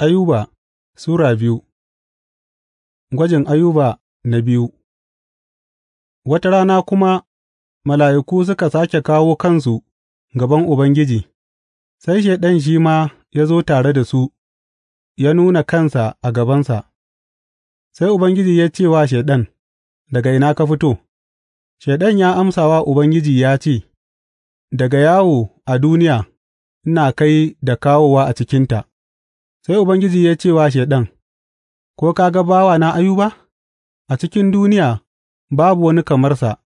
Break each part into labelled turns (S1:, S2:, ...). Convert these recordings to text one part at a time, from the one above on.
S1: Ayuba Sura biyu Gwajin Ayuba na biyu Wata rana kuma mala'iku suka sake kawo kansu gaban Ubangiji, sai Shaiɗan shi ma ya zo tare da su ya nuna kansa a gabansa, sai Ubangiji ya ce wa Shaiɗan, Daga ina ka fito, Shaiɗan ya amsa wa Ubangiji ya ce, Daga yawo a duniya ina kai da kawowa a cikinta. Sai Ubangiji ya ce wa Shaiɗan, Ko ka ga bawa bawana Ayuba? A cikin duniya babu wani kamarsa,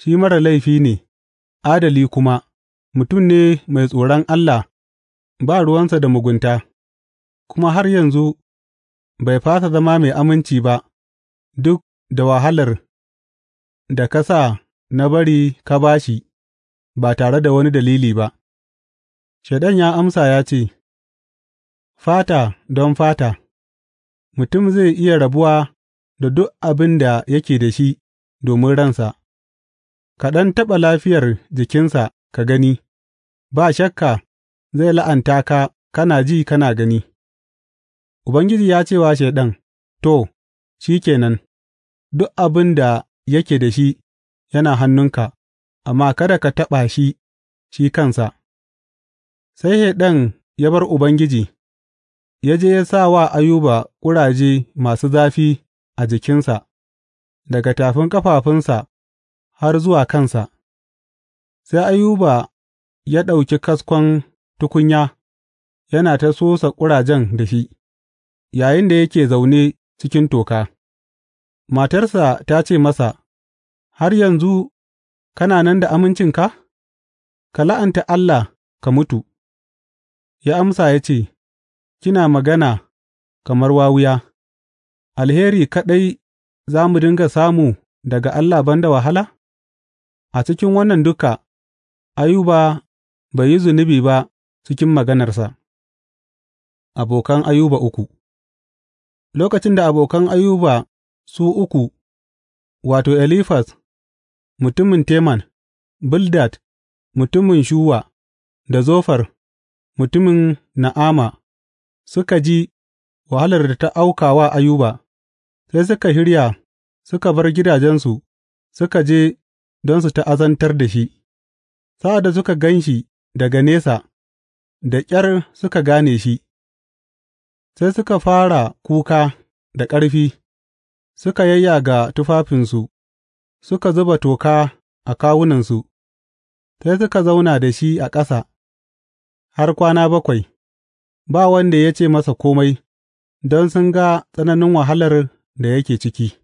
S1: shi mara laifi ne, adali kuma, mutum ne mai tsoron Allah ba ruwansa da mugunta, kuma har yanzu bai fasa zama mai aminci ba, duk da wahalar da ka sa na bari ka ba shi ba tare da wani dalili ba. Shaiɗan ya amsa ya ce, Fata don fata Mutum zai iya rabuwa da duk abin da yake da shi domin ransa, ka ɗan taɓa lafiyar jikinsa ka gani, ba shakka zai la'anta ka kana ji kana gani, Ubangiji ya ce wa Shaiɗan, To, shi kenan duk abin da yake da shi yana hannunka, amma kada ka taɓa shi, shi kansa. Sai Shaiɗan ya bar Ubangiji. ya je ya sa wa Ayuba ƙuraje masu zafi a jikinsa, daga tafin ƙafafunsa har zuwa kansa, sai Ayuba ya ɗauki kaskon tukunya yana ta sosa ƙurajen da shi, Yayin yayinda yake zaune cikin toka. Matarsa ta ce masa, Har yanzu kana nan da amincinka? Ka la'anta Allah ka mutu. Ya amsa ya ce, Kina magana kamar wawiya Alheri kaɗai za mu dinga samu daga Allah ban da wahala? A cikin wannan duka, Ayuba bai yi zunubi ba cikin maganarsa. Abokan Ayuba uku Lokacin da abokan Ayuba su uku, wato, Elifas, mutumin Teman, Bildad mutumin Shuwa, da Zofar mutumin Na'ama. suka ji wahalar da ta auka wa Ayuba, sai suka shirya suka bar gidajensu suka je don su ta'azantar da shi, sa'ad da suka gan shi daga nesa, da ƙyar suka gane shi, sai suka fara kuka da ƙarfi, suka yayyaga tufafinsu, suka zuba toka a kawunansu, sai suka zauna da shi a ƙasa har kwana bakwai. ba wanda ya ce masa kome, don sun ga tsananin wahalar da yake ciki.